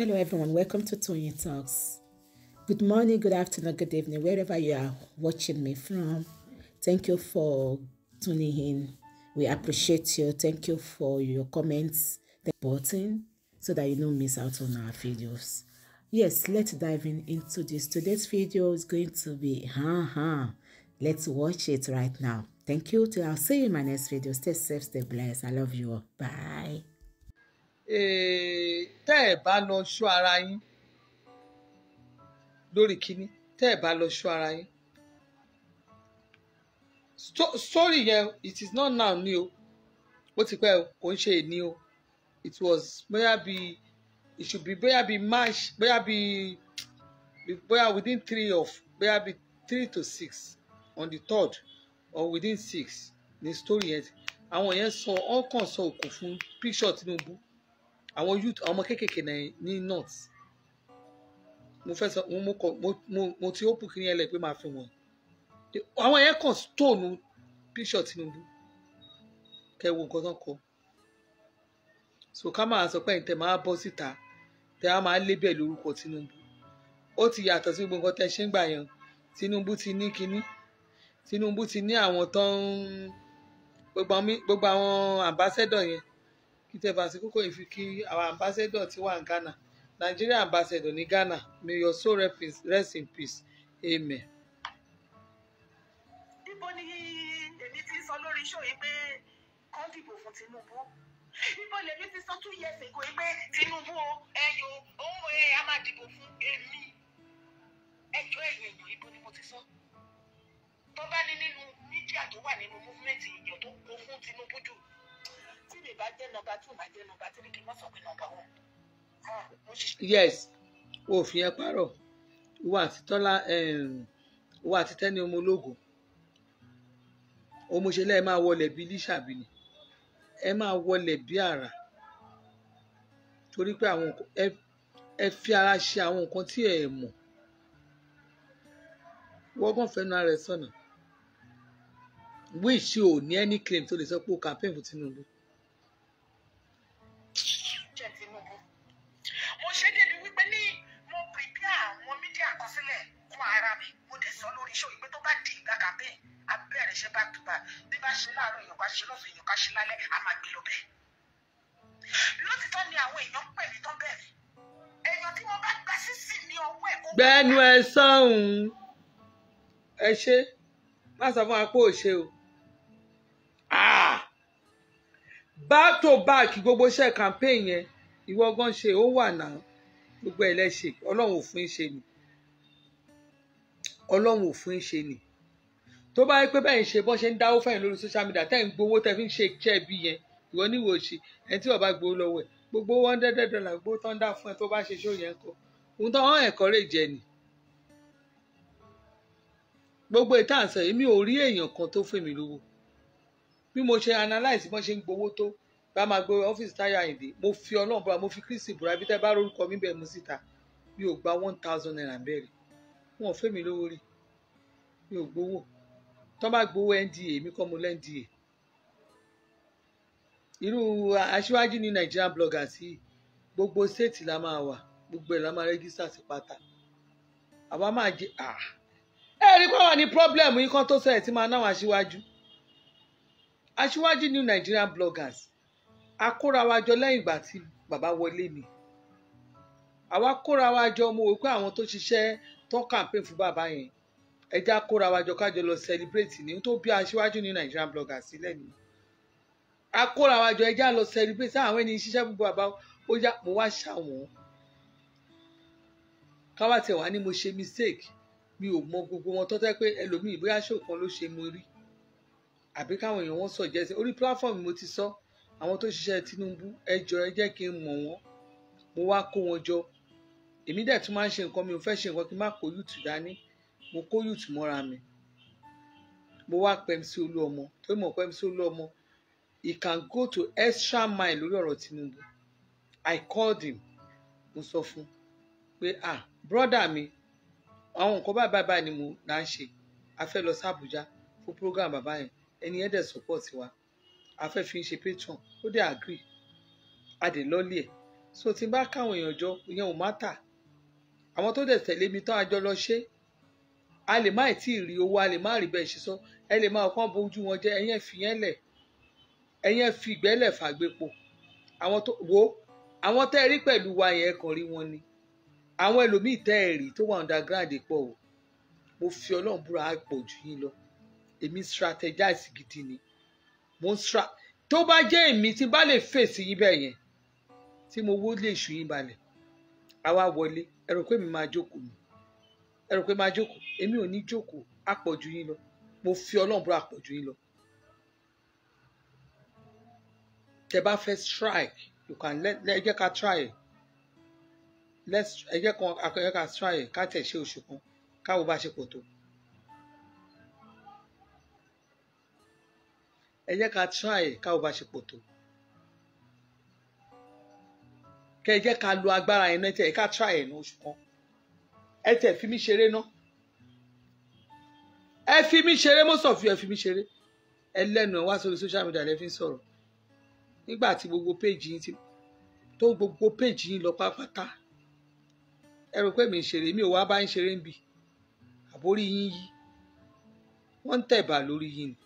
Hello, everyone. Welcome to Tony Talks. Good morning, good afternoon, good evening, wherever you are watching me from. Thank you for tuning in. We appreciate you. Thank you for your comments, the button, so that you don't miss out on our videos. Yes, let's dive in into this. Today's video is going to be, huh, huh. Let's watch it right now. Thank you. Till I'll see you in my next video. Stay safe, stay blessed. I love you all. Bye. Eh, tẹ́ ẹ̀ bá lọ ṣọ́ ara yín lórí kínní tẹ́ ẹ̀ bá lọ ṣọ́ ara yín story yẹn it is not now ni o ó ti pẹ́ kò ń ṣe èní o it was bóyá bí it should be bóyá bí march bóyá bí bóyá within three of bóyá bí three to six on the third or within six ni story yẹn àwọn yẹn sọ ọkàn sọ òkò fún picture Tinubu àwọn youth àwọn ọmọ kéékèèké náà ní north mo fẹ́ sọ mo kọ mo mo ti hope kiri ẹlẹ pé máa fi wọn àwọn yẹn kàn stone picture Tinubu kẹ wo nǹkan tán kọ so ká máa sọ pé ǹtẹ máa bọ́ síta tẹ á máa lébẹ̀ lórúkọ Tinubu ó ti yàtọ̀ sí gbogbo nǹkan tẹ ṣe ń gbà yẹn Tinubu ti ní kinní Tinubu ti ní àwọn tán gbogbo àwọn ambassador yẹn Kitebasi Kuko Ifiki, our ambassador Tiwa in Ghana, Nigeria ambassador ní Ghana, may your soul rest in peace. Amen. Ibo ni èmi ti sọ lórí iṣẹ́ yìí pé kọ́ dìbò fún Tinubu. Ibo lèmi ti sọ two years ago pé Tinubu ẹyọ òun ẹ a máa dìbò fún èmi. Ẹjọ́ ẹ̀yìn èèyàn ibo ni mo ti sọ. Tó bá ní nínú mídíà tó wà nínú múfúmẹ́ǹtì èèyàn tó kó fún Tinubu jù tí lè bá jẹ́ nọ́mbà two máa jẹ́ nọ́mbà three kí wọ́n sọ pé nọ́mbà one. Ah, yes òfin ẹ párọ̀ ìwọ àti tọ́lá ehm, ìwọ àti tẹ́ni ọmọ ológo ọmọṣẹ́lẹ̀ ẹ máa wọlé bí líṣàbí ni ẹ máa wọlé bí àrà torí pé àwọn ẹ fi ara ṣe àwọn nǹkan tí ẹ mọ̀ wọ́gàn fẹ́nu ara ẹ sọ̀nà wíṣì ò ní any claim tó lè sọ pé ó campaign fún Tinubu. fún ara mi mo dẹ̀ sọ lórí iṣẹ́ òyìnbó tó bá di ìgbà campaign abẹ́rẹ́ iṣẹ́ back to back bí bá ṣe láàárọ̀ èèyàn ká ṣe lọ́sùn èèyàn ká ṣe lálẹ́ a máa gbé lọ bẹ́ẹ̀. lótìtọ́ ni àwọn èèyàn pè tán bẹ́ẹ̀ èèyàn tí wọ́n bá gba sísì ní ọwọ́ ẹ̀ kó. gbẹnu ẹ sọhùn ẹ ṣe má sọ fún wa pé o ah! back to back gbogbo iṣẹ́ campaign yẹn ìwọ gan ṣe ó wà náà gbogbo ẹ lẹ ṣe Ọlọ́run ò fún ṣe ni ọlọ́run ò fún yín ṣe nì tó bá yẹ pé bẹ́ẹ̀ ń ṣe bọ́ ṣe ń dáwó fẹ́yìn lórí social media tẹ́ ń gbowó tẹ́ fi ń ṣe iṣẹ́ bí yẹn ìwọ níwò ṣe ẹni tí ọba gbowó lọ́wọ́ ẹ̀ gbogbo one hundred dollar gbogbo tó ń dá fún ẹ tó bá ṣe ṣó yẹn kọ ohun tó hàn ẹ̀kọ́ rè jẹ nì gbogbo ìta àǹsàn yìí mi ò rí èèyàn kan tó fún mi lówó bí mo ṣe analyse bọ́n ṣe ń gbowó tó bá máa gbé ọ́fíìsì táyà ìdè mo fi ọlọ́run búra mo fi Kristi búra ibi tẹ́ bá rórúkọ mi bẹ́ẹ̀ mú síta mi ò gba one thousand naira bẹ́ẹ̀ rí wọn ò fẹ́ mi lówó rí mi ò gbowó tó bá gbowó NDA mi kọ́ mo lẹ́ NDA irú aṣíwájú ní Nigerian bloggers yìí gbogbo state la máa wà gbogbo ẹ̀ la máa rẹ́gísítà sí pátá àwa máa jẹ ẹ rí pé wà ní problem yìí kan tó sọ ẹ̀ tí máa náwọn aṣíwájú aṣíwájú ní Nigerian bloggers a wa jọ lẹ́yìn ìgbà tí bàbá wọlé mi àwa kóra wa jọ mo wò pé àwọn tó ṣiṣẹ́ tó campaign fún bàbá yẹn ẹ já kóra wájọ kájọ lọ celebrate ní tó bí aṣíwájú ní Nigerian bloggers sílẹ̀ ni a kóra wájọ ẹ já lọ celebrate sáwọn ẹni ṣiṣẹ́ gbogbo bàbá ó yá mo wá ṣàwọn káwá tẹ̀ wá ní mo ṣe mistake mi ò mọ gbogbo wọn tọ́tẹ́ pé ẹlòmíì bóyá ṣòkan ló ṣe mo rí àbí káwọn èèyàn wọn suggest orí platform mo ti sọ àwọn tó ṣiṣẹ́ Tinubu ẹ jọ ẹ jẹ́ kí n mọ̀ wọ́n mo wá kó wọn jọ èmi dẹ̀ tún máa ń ṣe nǹkan mi ò fẹ́ ṣe nǹkan kí n má kó youth dání mo kó youth mọ́ra mi mo wá pẹ́ MC Olúọmọ tó mọ̀ pé MC Olúọmọ he can go to extra mile lórí ọ̀rọ̀ Tinubu I called him mo sọ fún pé ah brother mi àwọn nǹkan báyìí báyìí báyìí ni mo náà ń ṣe a fẹ́ lọ sí Àbújá fún program bàbá yẹn ẹni yẹn dẹ̀ support wa a fẹ́ fi ń ṣe patron ó dẹ̀ agree a dẹ̀ lọ́ọ́lì ẹ̀ e. so tí n bá káwọn èèyàn jọ ìyẹn ò má tà àwọn tó dẹ̀ tẹ̀lé mi tán àjọ lọ ṣe a lè má tí ì rí owó a lè má rí bẹ́ẹ̀ ṣe sọ ẹ lè máa kọ́ bójú wọn jẹ́ ẹ̀yẹ́ fi yẹn lẹ̀ ẹ̀yẹ́ fi ìgbẹ́lẹ̀ fàgbépo àwọn tó wo àwọn tẹ́ ẹ rí pẹ̀lú wa yẹn kàn rí wọn ni àwọn ẹlòmíì tẹ́ ẹ rí tó wà underground pọ̀ o mo fi ọlọ́run búra pọ̀ jù yín lọ èmi strategize gidi ni mo ń stra tó bá jẹ́ èmi tí bá lè fèsì yín bẹ́ẹ̀ yẹn tí mo wó lè ṣù yín balẹ̀ àwa wọlé ẹ pé mi máa jókòó mi ẹ rò pé máa jókòó èmi ò ní jókòó àpọ̀jù yín lọ mo fi ọlọ́run búra àpọ̀jù yín lọ. tẹ bá fẹ́ strike you can let ẹ jẹ́ ká try let's ẹ jẹ́ kan akọ̀yẹ́ ká try ká tẹ̀ ṣe oṣù kan káwo bá ṣe pọ̀ tó. ẹ jẹ́ ká try káwo bá ṣe pọ̀ tó kẹ ẹ jẹ́ ká lo agbára yẹn náà tẹ ẹ ká try ẹ̀ ní oṣù kan ẹ tẹ fi mí ṣeré náà ẹ fi mí ṣeré most of you ẹ fi mí ṣeré ẹ lẹ́nu ẹ wá sórí social media lẹ fi ń sọ̀rọ̀ nígbà tí gbogbo péjì yín tó gbogbo péjì yín lọ pátápátá ẹ rò pé mi ń ṣeré mi ò wá bá ń ṣeré ń bì àbórí yín yí wọ́n ń tẹ̀bà lórí yín ni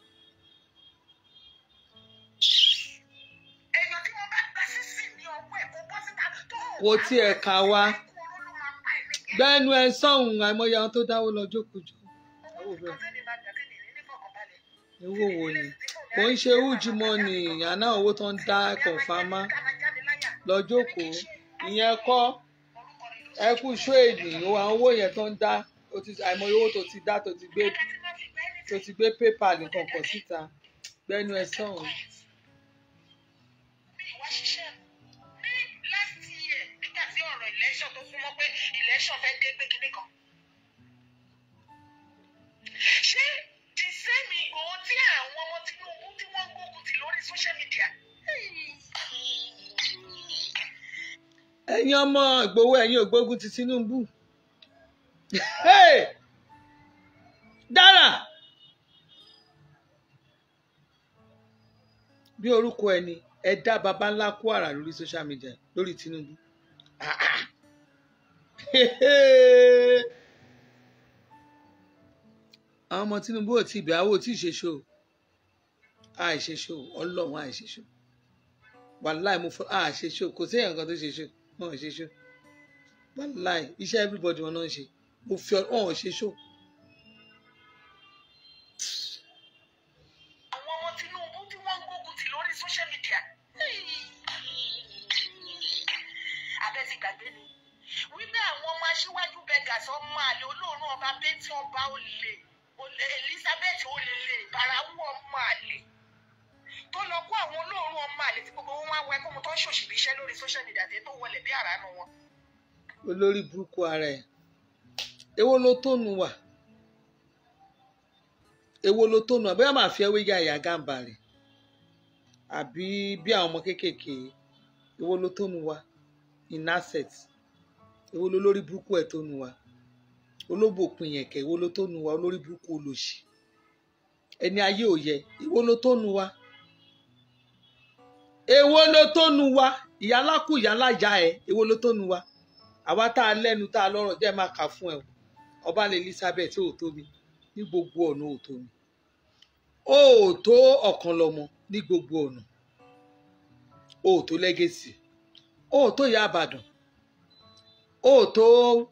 kò tiẹ̀ kà wá gbẹ́nu ẹ sọ̀hún àìmọye àwọn tó dáwó lọ jókòó jù owó wo ni kò ń ṣe ujúmọ́ ni àná owó tó ń dá kọ̀ǹfàmá lọ jókòó ìyẹn kọ́ ẹ kú ṣó èdè àwọn owó yẹn tó ń dá àìmọye owó tó ti dá tó ti gbé pépà nìkan kọ̀ síta gbẹ́nu ẹ sọ̀hún. election fẹ́ dé pé kinní kan. ṣé ti sẹ́mi ìgbòho tí àwọn ọmọ Tinubu tí wọ́n gbógun ti lórí social media. ẹ̀yin ọmọ Ìgbòho ẹ̀yin ò ti Tinubu. dára bí orúkọ ẹni ẹ dá baba ńlá kó àrà lórí social media lórí Tinubu. Ah, ah àwọn ọmọ Tinubu ò tí ì bẹ àwọn ò tí ì ṣe ṣó àìṣe ṣó Ọlọ́run àìṣe ṣó wàláì mo fọ àṣe ṣó kò sí èèyàn kan tó ṣe ṣó wọn ò ṣe ṣó wàláì iṣẹ́ everybody wọn náà ń ṣe mo fi ọ wọn ò ṣe ṣó. àwọn ọmọ Tinubu tí wọ́n ń gbógun tì lórí social media abẹ́ ti gbàgbé ni wípé àwọn ọmọ aṣíwájú beggars ọmọ àlè olóòórùn ọba bẹ́ntì ọba olè olè Elizabeth olè barawu ọmọ àlè tó lọ kó àwọn olóòórùn ọmọ àlè tí gbogbo wọn wá wá ẹkọ mu tó ń ṣòṣìbí iṣẹ́ lórí social media tẹ tó wọlé bí àránú wọn. olórí burúkú ara ẹ èwo ló tónu wà èwo ló tónu wà bóyá màá fi ẹwé ya ìyá gàǹbà rẹ àbí bí àwọn ọmọ kéékèèké èwo ló tónu wà in assets èwo ló lórí burúkú ẹ̀ tó nu wa olóbò pinyẹ̀kẹ̀ èwo ló tó nu wa olórí burúkú olòṣì ẹni ayé ò yẹ èwo ló tó nu wa èwo ló tó nu wa ìyálà kù ìyálà já ẹ èwo ló tó nu wa àwa tá a lẹ́nu tá a lọ́rọ̀ jẹ́ máa kà fún ẹ o ọba lè Elizabeth ò tó mi ní gbogbo ọ̀nà ò tó mi ó tó ọ̀kan lọ́mọ ní gbogbo ọ̀nà ó tó lẹ́gẹ̀sì ó tó ìyá àbàdàn ó tó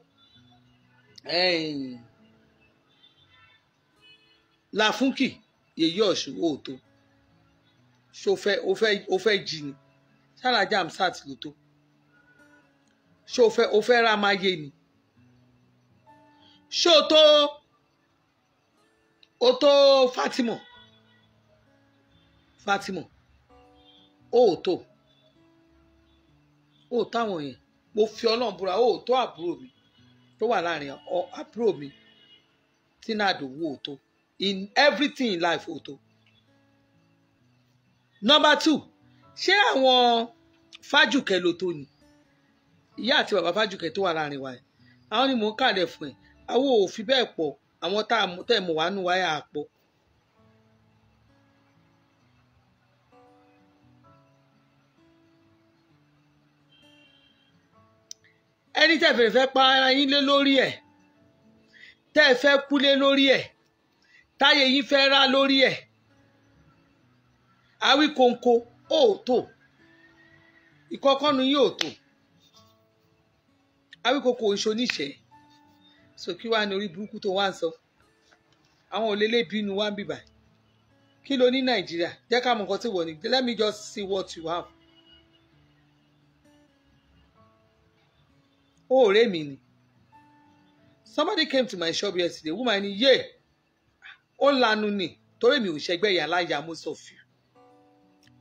láfúnkì yèyí ọ̀ṣun ó tó ṣó fẹ́ ó fẹ́ ó fẹ́ jí ni sára jamsat ló tó ṣó fẹ́ ó fẹ́ ra máa yé ni ṣó tó ó tó Fatima Fatima ó tó ó táwọn yẹn mo fi ọlọ́run búra ó tó àbúrò mi tó wà láàrin àbúrò mi tí náà dòwú ó tó in everything in life ó tó. number two ṣé àwọn fájùkẹ ló tó ni ìyá àti bàbá fájùkẹ tó wà láàrin wa yẹn àwọn ni mò ń kàlẹ̀ fún ẹ̀ àwọn ò fi bẹ́ẹ̀ pọ̀ àwọn tá ẹ̀ mọ̀ wá nù wáyà àpọ̀ ẹni tẹ́ fẹ́ fẹ́ pa ara yín lé lórí ẹ̀ tẹ́ ẹ fẹ́ kú lé lórí ẹ̀ táyé yín fẹ́ rá lórí ẹ̀ àwí kòǹkò ó tó ìkọkọ́nu yín ò tó àwí kòǹkò ìṣó níṣẹ́ so kí wàá ní orí burúkú tó wá ń sọ àwọn òlélé bínú wá ń bìbà kí ló ní nàìjíríà jẹ́ ká mọ̀ nǹkan tí wọ̀ ní let me just see what you have. òòrè oh, mi ni somebody came to my shop yesterday woman ni yé ó lanu ni torí mi ò ṣẹgbẹ́ ìyá láyà most of you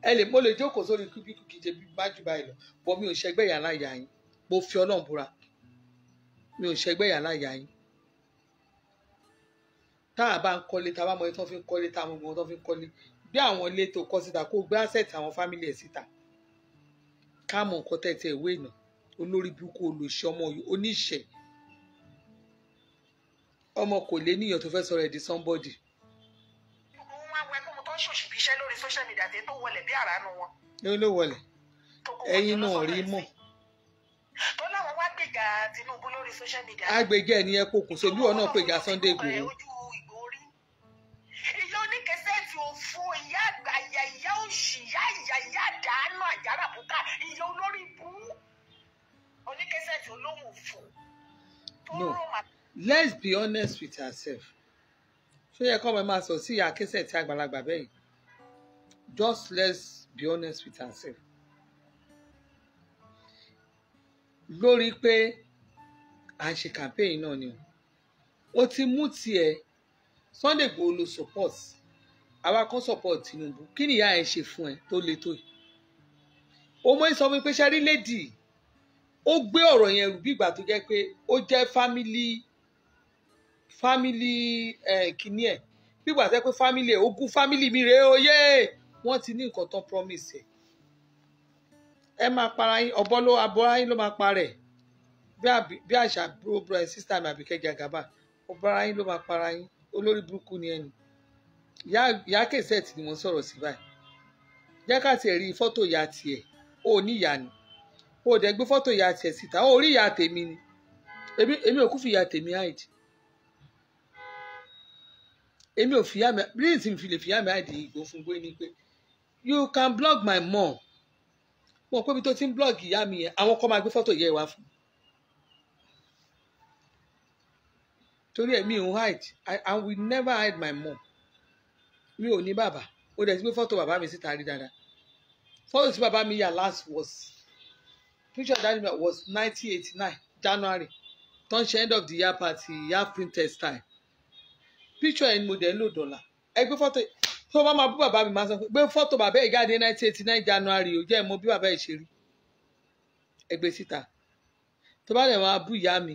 ẹ lè mo lè jókòó sórí kúbíkù kì í ṣe bá jù báyìí lọ bọ́ mi ò ṣẹgbẹ́ ìyá ya yín mo fi ọlọ́run búra mi ò ṣẹgbẹ́ ìyá láyà yín tá a bá ń kọ́lé tá a bá mọ ẹtọ́ fi ń kọ́lé tá a mọ ọmọ ọtọ́ fi kọ́lé bí àwọn ilé tó kọ́ síta kó gbé asset àwọn family ẹ̀ síta ká mọ nǹkan tẹ̀ tẹ̀ ìwé ìnà olórí burúkú olùṣe ọmọ oníṣẹ́ ọmọ kò lé níyàn tó fẹ́ sọ̀rọ̀ ẹ̀ di somebody. òun wá wẹ fún mi tó ń ṣòṣì bí iṣẹ́ lórí social media tẹ́ tó wọlé bí àránú wọn. ló ló wọlé ẹ̀yin náà rí mọ̀. tó láwọn wá gbèjà Tinubu lórí social media. agbègbè ẹni ẹ kò kùn sí olúwọ náà pèjà Sunday Igboho. ìyá oníkẹsẹ́ẹ̀tì òfo ìyá àgbà ìyá ìyá òṣì ìyá ìyá No. let's be honest with ourselves ṣó yẹ kọ́ ọmọ máa sọ sí ìyá kẹsẹ̀tì àgbàlagbà bẹ́ẹ̀ just let's be honest with ourselves lórí pé à ń ṣe campaign náà ni o ti mú tiẹ̀ Sunday Igboho lo support àwa kan support Tinubu kí nìyá ẹ ṣe fún ẹ tó le tó yìí o mọ ìsọ wípé ṣe rí lady ó gbé ọ̀rọ̀ yẹn rù bí ìgbà tó jẹ́ pé ó jẹ́ family fámílì kìíní ẹ̀ bí ìgbà tó jẹ́ pé fámílì ẹ̀ ogún fámílì mi rèé o yé wọ́n ti ní nǹkan tán promise ẹ̀ ẹ máa para yín ọ̀bọ ló abọ́ra yín ló máa para ẹ̀ bí àṣà bro bro ẹ̀ sísá mi àbíkẹ́ jagaba ọ̀bọ̀ra yín ló máa para yín olórí burúkú ni ẹni ìyá kẹsẹ̀tì ni wọ́n sọ̀rọ̀ sí báyìí jẹ́ ká tiẹ̀ rí fọ́tò ìyá tiẹ̀ ó ní ìyá ni o dẹ̀ gbé fọ́tò ìyá tiẹ̀ síta ó rí ìyá tèmi ni èmi ò kú fi ìyá tèmi hide èmi ò fìyà mi bí èsì fi lè fìyà mi hide ìgò fún gbé ni pé you can blog my mom mo pé ibi tó ti ń blog ìyá mi yẹn àwọn kan máa gbé fọ́tò ìyá ẹ̀ wá fún torí ẹ̀ mi ò hide I, I will never hide my mom mi ò ní bàbá ó dẹ̀ ti gbé fọ́tò bàbá mi síta rí dáadáa fọ́tò tí bàbá mi yà last was picture of that was nineteen eighty nine january tó ń end of the year party yafin test time picture ẹni mo dẹ̀ ń lò dọ̀là ẹ gbé fọ́tò tó bá máa bú bàbá mi máa sọ pé fọ́tò bàbá yìí jáde nineteen eighty nine january ò jẹ́ ẹ̀ mọ̀ bí bàbá yìí ṣe rí ẹ gbé síta tó bá dẹ̀ máa bú ìyá mi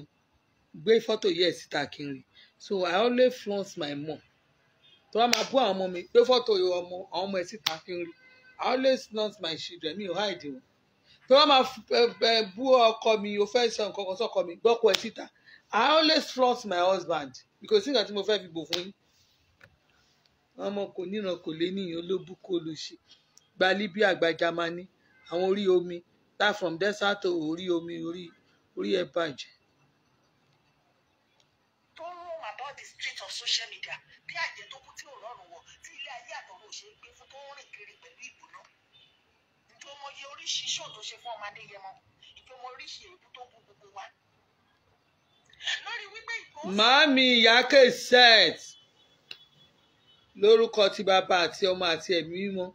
gbé fọ́tò yìí ẹ̀ síta kiri so i always flaunt my mom tó bá máa bú àwọn ọmọ mi gbé fọ́tò ọmọ àwọn ọmọ ẹ̀ síta kiri i always flaunt my children mi ò hide wọn tó bá máa bú ọkọ mi o fẹ́ sọ nǹkan kan sọ́kọ mi gbọ́kọ ẹ̀ síta I always trust my husband because nígbà tí mo fẹ́ fi bò fún yín ọmọ kò níran kò lé níyàn olóbù kó ló ṣe gba Libya gba Germany àwọn orí omi That from desert to orí omi orí orí ẹ̀ bàjẹ́. tó roam about the streets of social media mọyì oríṣi ṣó tó ṣe fún ọmọ adéyẹmọ ìpè mọ oríṣi èébú tó bu gbogbo wa. lórí wípé ìkó. màámi ìyáké set lórúkọ ti bàbá àti ọmọ àti ẹ̀mí mímọ́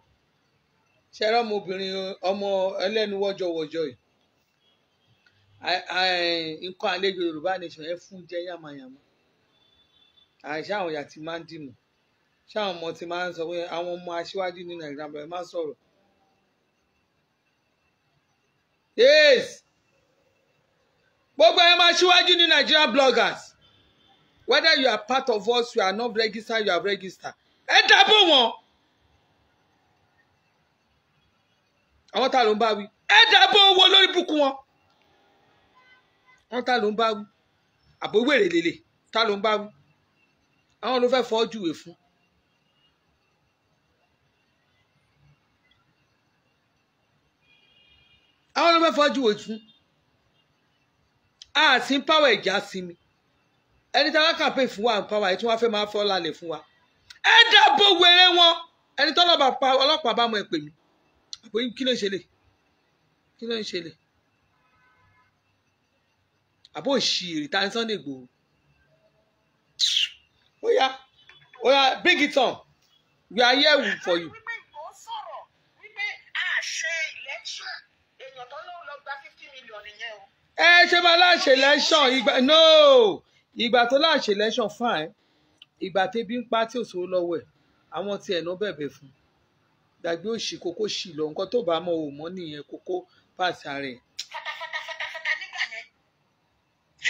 ṣẹlẹ ọmọbìnrin ọmọ ẹlẹ́nu wọ́jọ́wọ́jọ́ yìí nǹkan àlejò yorùbá nation ẹ fún jẹ yàmàyàmà àìsí àwọn ìyá ti máa ń dìmọ ṣáwọn ọmọ ti máa ń sọ pé àwọn ọmọ aṣíwájú ní nàìjíríà máa ń sọ̀rọ̀ yes gbogbo ẹ máa ṣíwájú ní Nigerian bloggers whether you are part of us you are not registered you are registered ẹ dábò wọn àwọn tá ló ń bá wí ẹ dábò owó lórí búkún wọn wọn tá ló ń bá wí àbówèrè lélẹ̀ tá ló ń bá wí àwọn ló fẹ́ fọ́ júwe fún àwọn ọmọ fọjú ojú a sì ń pàwọ̀ ìjà sí mi ẹni tí alákàpè fún wa ń pàwọ̀ àyè tí wọ́n fẹ́ máa fọ́ lálẹ́ fún wa ẹ dàbò wèrè wọn ẹni tí ọlọ́pàá bá mọ ẹ pè mí àpò kí ló ń ṣẹlẹ̀ kí ló ń ṣẹlẹ̀ àbò òṣìírí ta ni Sunday Igboho ó yá ó yá bring it on we are here for you. ẹ eh, ṣe máa láṣẹ lẹ́ṣọ̀ ìgbà no ìgbà tó láṣẹ lẹ́ṣọ̀ fine ìgbà tẹ́bí ń pa tí ò sówó lọ́wọ́ ẹ̀ àwọn tí ẹ̀nà bẹ̀bẹ̀ fún gbàgbé òṣì kókó ṣì lọ nǹkan tó bá mọ òun mọ́ nìyẹn kókó pàṣà rẹ̀. fatafata nígbà yẹn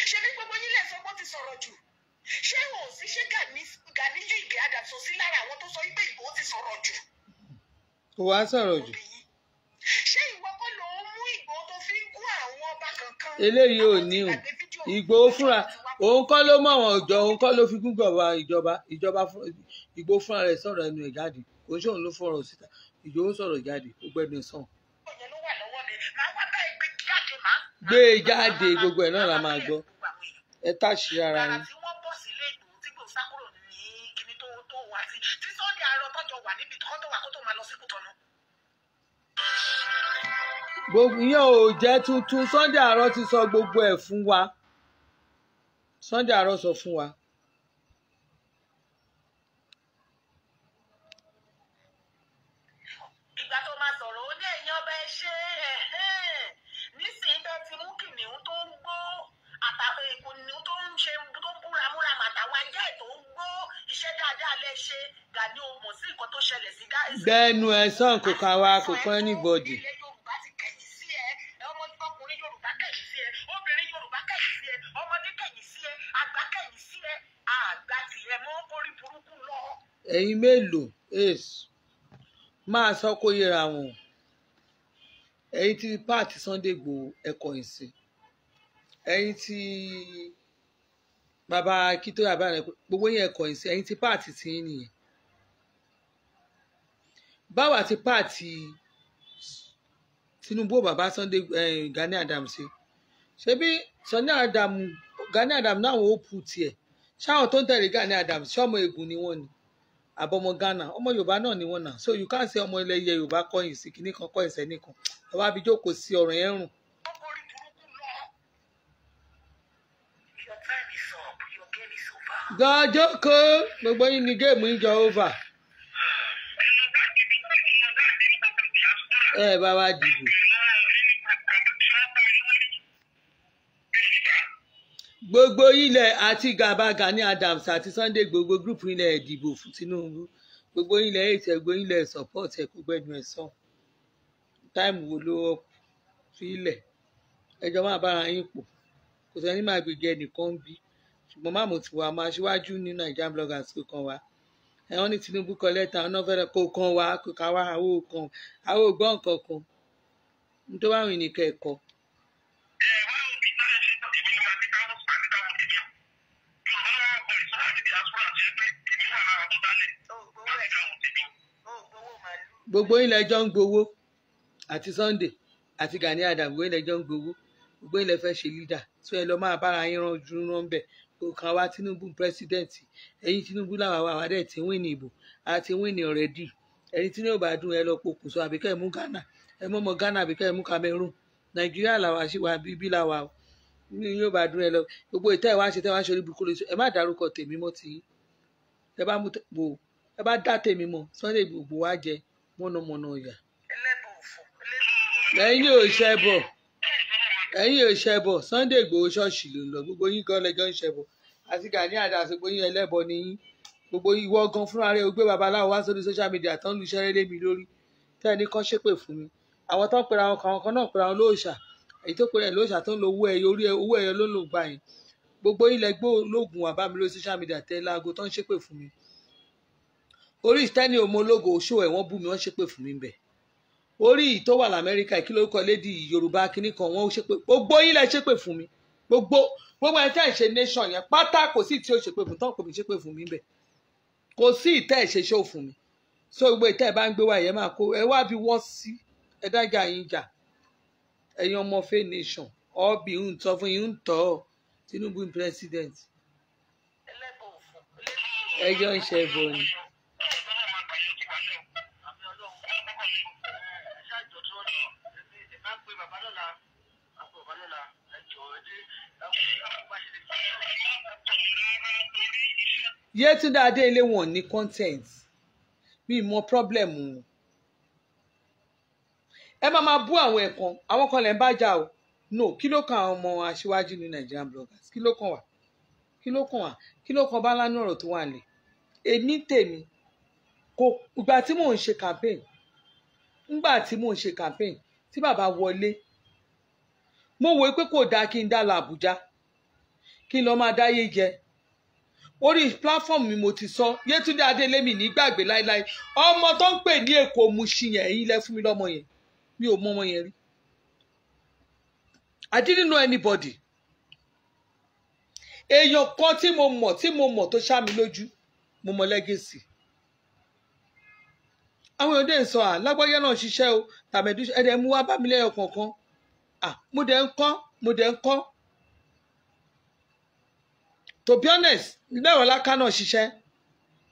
ṣé bí gbogbo yín lè sọ ti sọ̀rọ̀ jù ṣé ò sí ṣé Gani Adams sí lára àwọn tó sọ pé Ìgbòho ti sọ̀rọ̀ jù. kò wá sọ̀rọ̀ jù. eléyìí ò ní o Ìgbòho fúnra òun kọ́ ló mọ̀ wọ́n jọ òun kọ́ ló fi gún gbọ̀ngbà ìjọba ìjọba Ìgbòho fúnra rẹ̀ sọ̀rọ̀ ẹnu ẹ̀ jáde òun ṣòun ló fọ̀rọ̀ síta Ìgbòho sọ̀rọ̀ jáde ó gbẹ́nu sàn. gbé e jáde gbogbo ẹ̀ náà la máa gbọ́ ẹ táṣì ara yín. tí Sunday arọ tọjọ wà níbi kọ́tọ̀ wà kó tó máa lọ sí Kútọ̀nù ìyẹn ò jẹ́ tuntun Sunday Àárọ̀ ti sọ gbogbo ẹ̀ fún wa Sunday Àárọ̀ sọ fún wa. ìgbà tó máa sọ̀rọ̀ ó ní ẹ̀yin ọba ẹ ṣe nísìnyí tó ti mú kìnìún tó ń gbó àtàwọn e, kìnìún tó ń ṣe tó ń búramúra màtàwọn ajá ẹ̀ ń gbó iṣẹ́ dáadáa lẹ ṣe Gani o mọ̀ sí nǹkan tó ṣẹlẹ̀ sí gáàsì. bẹ́ẹ̀ nu ẹ̀ sàn kò kà wá kò kọ́ anybody. àgbà tìyẹ mọ́ kórí burúkú lọ. ẹ̀yin mélòó ace máa sọ kó yẹra wọn ẹ̀yin tí páàtì Sunday Igboho ẹ̀kọ́ ìsì ẹ̀yin tí bàbá kítóyà bá rẹ gbogbo yẹn ẹ̀kọ́ ìsì ẹ̀yin tí páàtì tí nìyẹn báwo àti páàtì Tinubu bàbá Sunday Gani Adams ṣe ṣebí Sunday Adams Gani Adams náà ò pù tiẹ̀ ṣáwọn tó ń tẹ̀lé Gani Adams ọmọ egwu ni wọ́n ni àbọ̀mọ Ghana ọmọ Yorùbá náà ni wọ́n so you can say ọmọ ilẹ̀ ilẹ̀ Yorùbá kọ̀yìn sí kinní kan si ọrụ nìkan ọba abijó kò sí ọ̀rọ̀ yẹn rùn. gbogbo yín ni géèmù ń jọ ẹ bá wa dìbò. gbogbo ilẹ̀ àti gàbàgà ní Adams àti Sunday gbogbo group ilẹ̀ ìdìbò fún Tinubu gbogbo ilẹ̀ ètò gbogbo ilẹ̀ support ẹ̀ kó gbẹ́nu ẹ̀ sàn táìmù wo ló wọ́ sí ilẹ̀ ẹjọ́ máa bára yín pọ̀ kò sẹ́ni máa gbèjẹ nìkan bí ṣùgbọ́n má mo ti wà máa ṣíwájú ní Nigerian bloggers kò kàn wá ẹ̀wọ̀n ní Tinubu kọ lẹ́tà ọ̀nà fẹ́rẹ̀ kò kàn wá kò kà wá àwọ̀ kan àwọ̀ gbọ́ nǹkan nítorí àwọn ènìkàn ẹ̀kọ́ gbogbo yín lẹjọ ń gbowó àti Sunday àti Gani adam gbogbo yín lẹjọ ń gbowó gbogbo yín lẹ fẹ́ ṣe leader so ẹ lọ máa bára yín ranjú rán bẹ kan wa Tinubu president ẹ̀yin Tinubu làwọn àwọn àdẹ ti win ìbò àti win already ẹ̀yin tí ní ò bá dùn ẹ lọ pokùnso àbíkẹ́ mú Ghana ẹ mọ ọmọ Ghana àbíkẹ́ mú Cameroon Nàìjíríà làwa ṣì wà bíbí làwa o ní yóò bá dùn ẹ lọ gbogbo ìtẹ́ ìwà ṣe tẹ́ wá ṣe orí burúkú ẹ má dárúkọ tèmi mọ́ tiyín ẹ ẹ bá dá tèmi mọ́ Sunday gbogbo wa jẹ mọ̀nàmọ́ná ọ̀yà ẹ̀yin ò ṣẹbọ ẹ̀yin ò ṣẹbọ Sunday Igboho ṣọ́ọ̀ṣì ló lọ gbogbo yín gan lẹ́jọ́ ń ṣẹbọ àti Gani Adams gbogbo yín ẹlẹ́bọ ni yín gbogbo ìwọ gan fúnra rẹ o gbé babaláwo wá sórí social media tán lu iṣẹ́ rẹ́lẹ́mi lórí tẹ́ ẹ ní kọ́ ṣépè fún mi àwọn tó ń pera àwọn kan àwọn kan náà pera àwọn lóòṣà èyí tó pera ẹ̀ lóòṣà tó ń lo owó ẹyọ orí owó ẹyọ ló ń lò gbà yẹn gbogbo ilẹ̀ gbó lóògùn àbámi lórí social media tẹ́ ẹ láago tó ṣépè fún mi orí ìtẹ́ni òmológo ṣó ẹ̀ wọ́n bú mi wọ́n ṣépè fún mi bẹ̀ orí tó wà lamẹ́ríkà kí lórúkọ lédi yorùbá kínní kan wọ́n ṣépè gbogbo yín lẹ ṣépè fún mi gbogbo gbogbo ẹni tẹ́ ẹ̀ ṣe nation yẹn pátá kò sí tí ó ṣépè fún tán kò mí ṣépè fún mi bẹ̀ kò sí ìtẹ́ ẹ̀ ṣe ṣó fún mi so gbogbo ìtẹ́ ẹ̀ bá ń gbé wá ẹ̀yẹ́ máa kó ẹ wá bí wọ́n sí ẹ dájà yín jà ẹ̀yin ọmọ fẹ́ nation ọ́bì ń tọ́ fún yín ń tọ́ Tinubu president ẹjọ́ ń ṣe é bọ́ ni. Yétúndé Adéyẹlé wọn ní content mi mọ problem wọn ẹ máa máa bú àwọn ẹ̀kan àwọn kan lè ń bá jà o no kí ló kan àwọn ọmọ aṣíwájú ní Nigerian bloggers kí ló kan wà kí ló kan wà kí ló kan bá lánà ọ̀rọ̀ tó wà lẹ̀ èmi tèmi kò ìgbà tí mò ń ṣe campaign ńgbà tí mò ń ṣe campaign tí bàbá wọlé mo wòó pé kò dáa kí n dá làbújá kí n lọ máa dáyé jẹ orí platform mi mo ti sọ Yétúndé Adélémi nígbàgbé láéláé ọmọ tó ń pè ní Èkó Mushin yẹn ẹ̀yin lẹ fún mi lọ́mọ yẹn mi ò mọ ọmọ yẹn rí I didn't know anybody èèyàn kan tí mo mọ̀ tí mo mọ̀ tó ṣá mi lójú mo mọ legacy àwọn èèyàn dẹ̀ ń sọ à lágbájá náà ṣiṣẹ́ o tàmẹ̀dú ẹ̀dẹ̀ mú wá bá mi lẹ́yọ̀ kọ̀ọ̀kan à mo dẹ̀ ń kọ́ mo dẹ̀ ń kọ́ to be honest mẹ́wọ̀n láká náà ṣiṣẹ́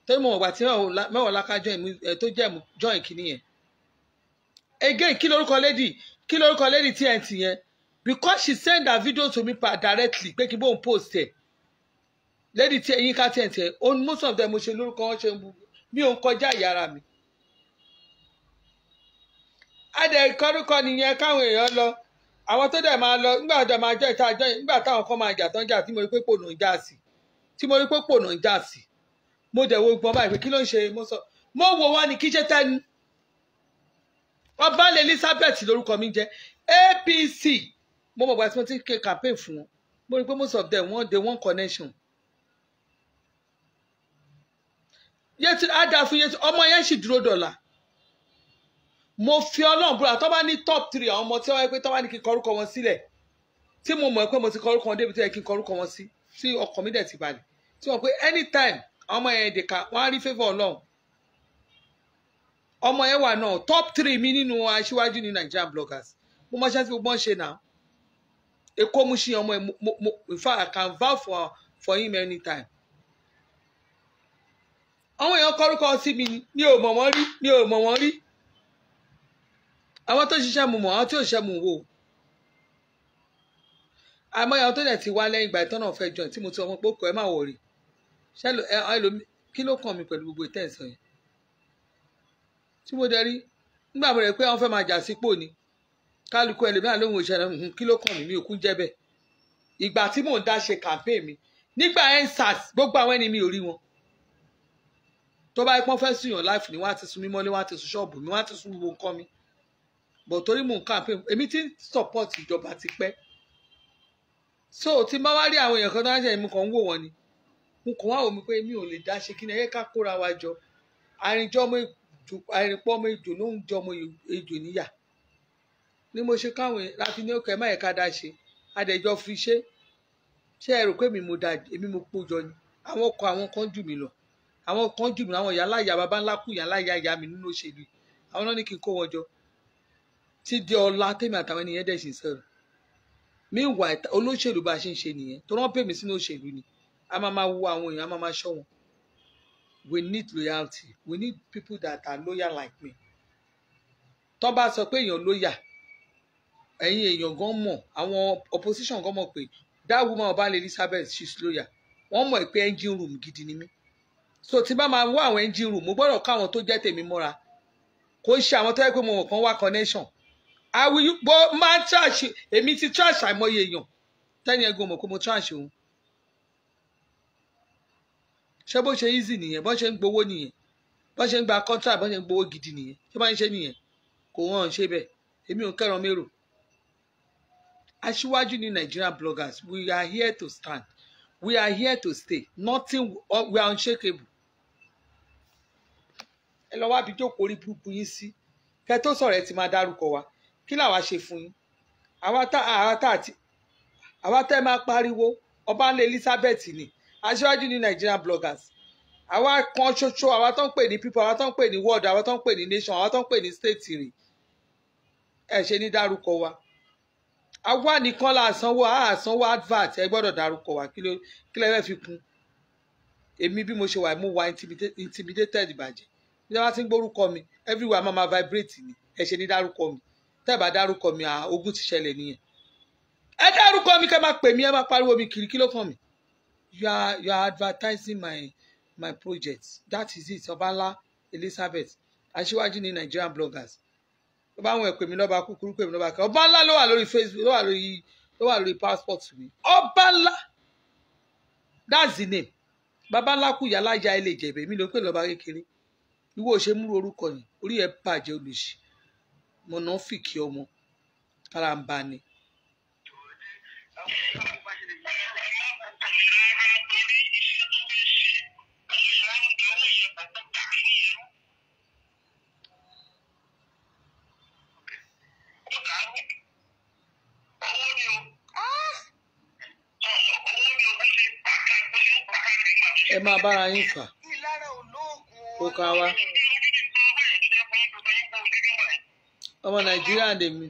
torí mo wà tí mẹ́wọ̀n láká eh, tó jẹ́ join kìíní yẹn again kí lórúkọ lady kí lórúkọ lady TNT yẹn because she send her video to me directly pé kí n bóun post ẹ̀ lady tí ẹyin ká tí ẹ tí ẹ on most of them mo ṣe lórúkọ wọn ṣe ń bu mi ò ń kọjá ìyára mi. adẹ ìkọrúkọ nìyẹn káwọn èèyàn lọ àwọn tó dẹ̀ máa lọ nígbà tó máa jẹ́ ìta àjọyìn nígbà táwọn kan máa jà tán jà tí mo rí pé kò ló ń já sí i tí mo rí pé pònà ń já sí mo dẹ̀ wo gbọ́n báyìí pé kí ló ń ṣe mo sọ mo wò wá ní kí ṣe tẹnu ọba lè Elizabeth lórúkọ mi jẹ APC mo mọ̀ gbà tí mo ti ké campaign fún wọn mo rí pé most of them wọ́n dey one connection. yẹtù ada fún yẹtù ọmọ yẹn sì dúró dọ̀là mo fi ọlọ́run búra tó bá ní top three àwọn ọmọ tí wọ́n yẹ pé tó bá ní kí n kọ orúkọ wọn sílẹ̀ tí mo mọ̀ pé mo ti kọ orúkọ wọn débi tó yẹ kí n kọ orúkọ wọn sí. Si tí ọkàn mi dẹ̀ ti balẹ̀ tí wọ́n pé anytime ọmọ yẹn dèka wọ́n á rí favour ọlọ́run ọmọ yẹn wà náà top three mi nínú aṣíwájú ní Nigerian bloggers mo máa ṣáàtì gbogbo ṣe náà èkó mu ṣe ọmọ yẹn mo mo in fact I can vouch for for him anytime ọmọ yẹn kọ́rúkọ sí mi mi ò mọ̀ wọ́n rí mi ò mọ̀ wọ́n rí àwọn tó ṣiṣẹ́ mu mọ̀ àwọn tí ṣiṣẹ́ mu wò ó àmọ́yàwó tó dẹ̀ ti wá lẹ́yìn ìgbà ìtọ́nà fẹ́ join tí mo ti ọmọ pókò ẹ má wọ̀rì kí ló kàn mí pẹ̀lú gbogbo ìtẹ̀sán yẹn tí mo dẹ̀ rí nígbà mo rẹ̀ pé àwọn fẹ́ máa jà sípò ni kálukú ẹlòmíràn lóhùn ìṣẹ̀lẹ̀ nǹkan kí ló kàn mí mi ò kún jẹ́ bẹ́ẹ̀ ìgbà tí mò ń dá ṣe campaign mi nígbà ensars gbogbo àwọn ẹni mi ò rí wọn tó bá pọ́n fẹ́ sùn yàn láìfù ni wọ́n á ti sun mí mọ́lé wọ́n á ti sun ṣọ́ọ̀bù mi wọ́n á ti sun gbogbo nǹkan mi bọ̀ torí mò ń campaign èmi ti ń support ìjọba ti pẹ́ so tí n bá wá rí àwọn èèyàn kan tó ń ṣe èmi kàn ń wò wọ́n ni mo kàn wá wò mí pé mi ò lè dá ṣe kí ni ẹ ká kóra wa jọ àrìnjọ ọmọ ìjò àrìnpọ̀ ọmọ ìjò ló ń jọ ọmọ ìjò níyà ni mo ṣe káwọn láti ní ọkọ ẹ má yẹ ká dá ṣe adẹjọ fi ṣe ṣé ẹ rò pé èmi mo da èmi mo kó jọ ni àwọn ọkọ àwọn kan jù mí lọ àwọn kan jù mí àwọn ìyá láyà bàbá ńlá kù ìyá láyà ìyá mi nínú òṣèlú àwọn náà ní kí n kó wọn jọ ti di ọlá tèmi àtàwọn ènìyàn dẹ̀ ṣì ń sọ̀rọ̀ meanwhile olóṣèlú bá a ṣe ń ṣe nìyẹn tó rán pèmí sínú òṣèlú ni a máa máa wo àwọn èèyàn a máa máa ṣọ́ wọn we need loyalty we need people that are loyal like me tó bá sọ pé èèyàn lóyà ẹ̀yin èèyàn gan mọ̀ àwọn opposition gan mọ̀ pé that woman Ọba Elizabeth she's loyal wọ́n mọ̀ pé engine room gidi ni mí so tí bá máa wá àwọn engine room mo gbọ́dọ̀ ká àwọn tó jẹ́ tèmi mọ́ra kò ṣe àwọn tó yẹ pé mo mọ̀ kàn wá connection àwọn ìbò máa ń trash èmi ti trash àìmọye èèyàn tẹ́yìn ẹ̀gbọ́n mọ̀ kó mo trash òun ṣé bó ṣe easy nìyẹn bó ṣe ń gbowó nìyẹn bó ṣe ń gba contract bó ṣe ń gbowó gidi nìyẹn ṣé bá ń ṣe nìyẹn kò wọ́n ṣe bẹ́ẹ̀ èmi ò kẹ́ran mérò aṣíwájú ní Nigerian bloggers we are here to stand we are here to stay nothing uh, we are unshakable ẹ lọ wá bí jókòó orí burúkú yín sí kẹ tó sọ̀rọ̀ ẹ ti máa dárúkọ wa kí làwa ṣe fún yín àwa tá àwa tá àti máa pariwo ọba ńlẹ̀ Elizabeth ni aṣíwájú ní Nigerian bloggers àwa kan ṣoṣo àwa tó ń pè ní people àwa tó ń pè ní world àwa tó ń pè ní nation àwa tó ń pè ní state rè ẹ ṣe ní dárúkọ wa àwa nìkan la sanwó a sanwó advert ẹ gbọ́dọ̀ dárúkọ wa kí ló kí fi kún èmi bí mo ṣe wà mo wà intimidated ìbàjẹ́ bí wọ́n bá ti ń gbórúkọ mi everywhere máa ma vibrate ni ẹ ṣe ní dárúkọ mi tẹ́ẹ̀bà dárúkọ mi ogun ti ṣẹlẹ̀ nìyẹn ẹ dárúkọ mi kẹ́ máa pè mí ẹ máa pariwo mi kiri kí ló fún mi you are you are advertising my my project that is it ọbala Elizabeth aṣíwájú ní Nigerian bloggers tó bá wọn ẹ pè mí lọ́ba kúkúrú pè mí lọ́ba kan ọba ló wà lórí Facebook ló wà lórí ló wà lórí passport mi ọba that's the name baba ńlá kù yàrá ya ẹ lè jẹ̀bẹ̀ mi ló pè lọ́ba kékeré ìwọ ṣe mú orúkọ yẹn orí ẹ bàjẹ́ olùsí mọ̀nàfìkì ọmọ karambà ni. ẹ máa bára yín fà kó wá. ọmọ nàìjíríà lèmi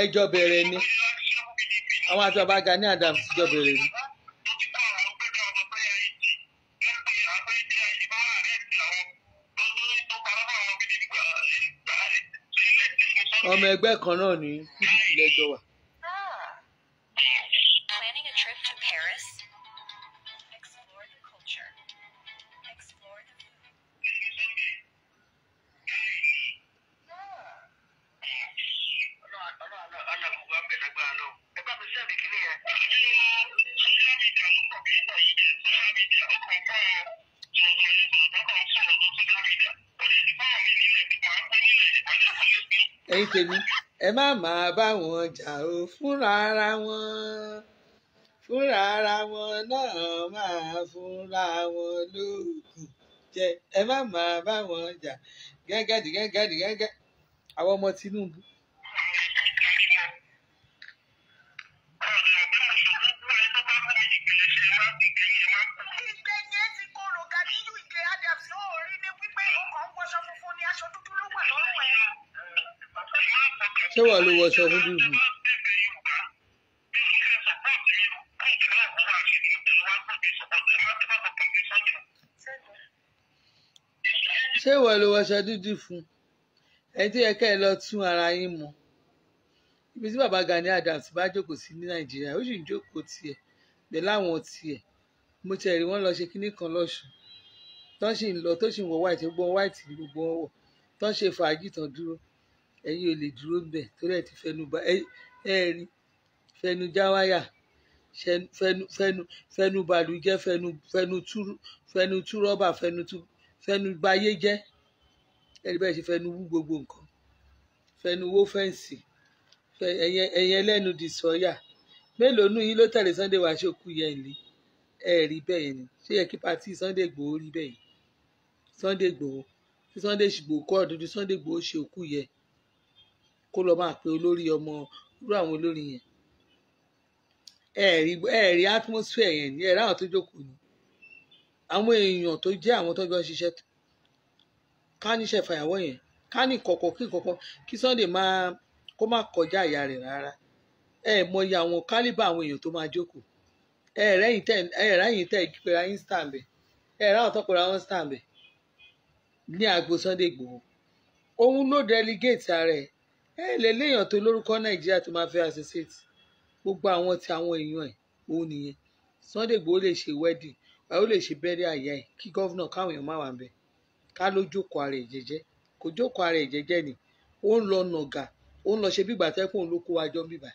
ẹjọ bẹrẹ ni àwọn àti ní adam ti jọ bẹrẹ ni. ọmọ ẹgbẹ́ kan náà ní pdp lẹ́jọ́ wà. tèmi ẹ má máa bá wọn jà o fúnra ara wọn fúnra ara wọn náà máa fúnra wọn lóògùn jẹ ẹ má máa bá wọn jà gẹ́gẹ́ dì gẹ́gẹ́ àwọn ọmọ Tinubu. sọ fún bíbù. ṣé ìwọ ló wọṣọ dúdú fún ẹni tó yẹ ká ẹ lọ tún ara yín mọ ibi tí bàbá Gani Adams bá jókòó sí ní Nàìjíríà ó sì ń jókòó tiẹ̀ pẹ̀lú àwọn tiẹ̀ mo tiẹ̀ rí wọn lọ ṣe kinní kan lọ́sùn tó sì ń lọ tó sì ń wọ white gbogbo white gbogbo wọn wọ tó ń ṣe fàájì tán dúró ẹ̀yin ò lè dúró ń bẹ̀ torí ẹ̀ ti fẹnu bá ẹ rí fẹnu jáwáyà fẹnu fẹnu fẹnu bàlújẹ́ fẹnu fẹnu túrú fẹnu tú rọ́bà fẹnu tú fẹnu bayé jẹ́ ẹni bẹ́ẹ̀ ṣe fẹnu wú gbogbo nǹkan fẹnu wó fẹ́ǹsì ẹ̀yẹ ẹlẹ́nu di sọ́yà mélòó nù yín ló tẹ̀lé Sunday wàá ṣòkú yẹn lé ẹ rí bẹ́ẹ̀ ni ṣé yẹ kí pati Sunday Igboho rí bẹ́ẹ̀ Sunday Igboho tí Sunday Igboho kọ́ ọ̀dọ́dún Sunday Igboho ṣe òkú yẹn kó lọ máa pe olórí ọmọ irú àwọn olórí yẹn ẹ̀ẹ̀rí ẹ̀ẹ̀rí atmosphere yẹn ni ẹ̀ẹ̀rí àwọn tó jókòó ni àwọn èèyàn tó jẹ́ àwọn tó jọ ṣiṣẹ́ ká níṣẹ́ fàyàwọ́ yẹn ká ní kọ̀kọ̀ kí kọ̀kọ̀ kí Sunday máa kó má kọjá ìyá rẹ̀ rárá ẹ̀ mọyì àwọn kálíbà àwọn èèyàn tó máa jókòó ẹ̀ẹ̀rẹ́yìn tẹ̀ ẹ̀ẹ̀rẹ́yìn tẹ̀ pera yín stand bẹ̀ àwọn tó pera wọn ní àgbo Sunday Igboho òun ló delegate ara ẹ̀ ẹ lè léèyàn tó lórúkọ nàìjíríà tó máa fẹ́ associate gbogbo àwọn ti àwọn èèyàn ẹ̀ òun nìyẹn Sunday Igboho lè ṣe wedding ó lè ṣe bẹ́rẹ̀ àyà ẹ̀ kí gọ́vnà káwọn èèyàn má wà ń bẹ̀ ká ló jókòó ara ẹ̀ jẹ́jẹ́ kò jókòó ara ẹ̀ jẹ́jẹ́ ni ó ń lọ nàgà ó ń lọ ṣe bí ìgbà tẹ́kùn ló kó wa jọ bíbà